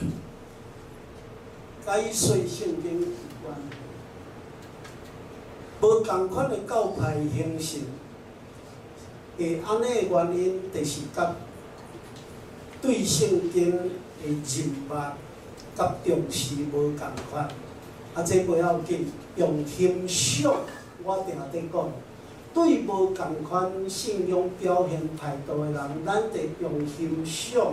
伊說聖經有關無共款嘅教派形成，誒，安尼嘅原因就是甲對聖經嘅認識甲重視無共款。啊，這不要緊，用欣賞，我定定講，對無共款信仰表現態度嘅人，咱得用欣賞。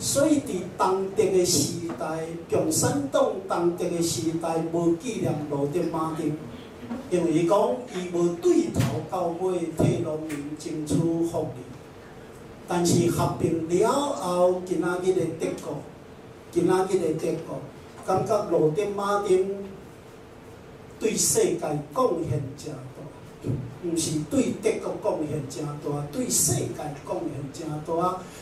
所以，佇當敵嘅時代，共產黨當敵嘅時代，無紀念路德馬丁，因為伊講伊無對頭到尾替農民爭取福利。但是合併了後，今仔日嘅德國，今仔日嘅德國，感覺路德馬丁對世界貢獻誠大，毋是對德國貢獻誠大，對世界貢獻誠大。